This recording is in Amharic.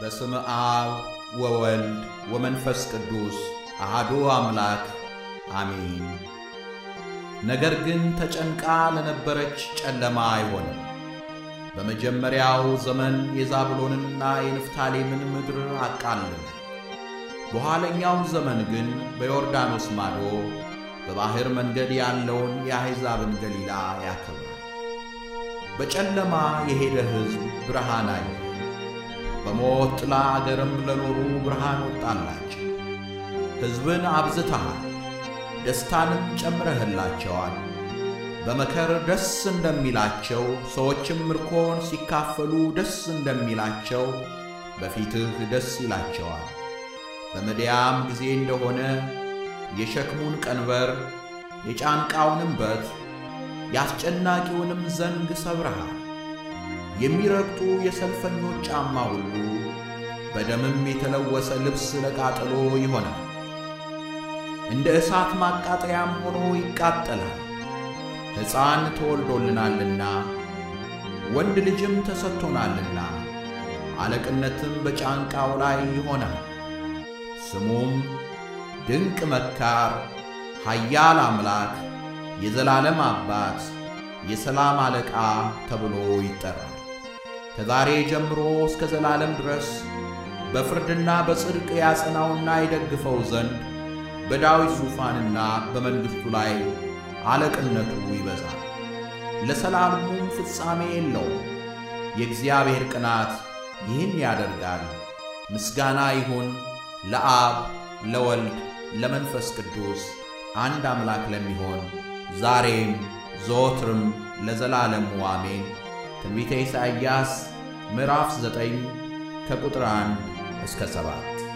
በስም አብ ወወልድ ወመንፈስ ቅዱስ አህዶ አምላክ አሚን። ነገር ግን ተጨንቃ ለነበረች ጨለማ አይሆንም። በመጀመሪያው ዘመን የዛብሎንንና የንፍታሌምን ምድር አቃልም። በኋለኛው ዘመን ግን በዮርዳኖስ ማዶ በባሕር መንገድ ያለውን የአሕዛብን ገሊላ ያከብራል። በጨለማ የሄደ ሕዝብ ብርሃን አየ። በሞት ጥላ አገርም ለኖሩ ብርሃን ወጣላቸው። ሕዝብን አብዝተሃል፣ ደስታንም ጨምረህላቸዋል። በመከር ደስ እንደሚላቸው ሰዎችም ምርኮን ሲካፈሉ ደስ እንደሚላቸው በፊትህ ደስ ይላቸዋል። በመዲያም ጊዜ እንደሆነ የሸክሙን ቀንበር የጫንቃውንም በት የአስጨናቂውንም ዘንግ ሰብረሃል። የሚረግጡ የሰልፈኞች ጫማ ሁሉ በደምም የተለወሰ ልብስ ለቃጠሎ ይሆናል፣ እንደ እሳት ማቃጠያም ሆኖ ይቃጠላል። ሕፃን ተወልዶልናልና ወንድ ልጅም ተሰጥቶናልና፣ አለቅነትም በጫንቃው ላይ ይሆናል። ስሙም ድንቅ መካር፣ ኃያል አምላክ፣ የዘላለም አባት፣ የሰላም አለቃ ተብሎ ይጠራል። ከዛሬ ጀምሮ እስከ ዘላለም ድረስ በፍርድና በጽድቅ ያጸናውና ይደግፈው ዘንድ በዳዊት ዙፋንና በመንግሥቱ ላይ አለቅነቱ ይበዛል፣ ለሰላሙም ፍጻሜ የለው የእግዚአብሔር ቅናት ይህን ያደርጋል። ምስጋና ይሁን ለአብ ለወልድ ለመንፈስ ቅዱስ አንድ አምላክ ለሚሆን ዛሬም ዘወትርም ለዘላለሙ አሜን። ትንቢተ ኢሳይያስ ምዕራፍ 9 ከቁጥር 1 እስከ 7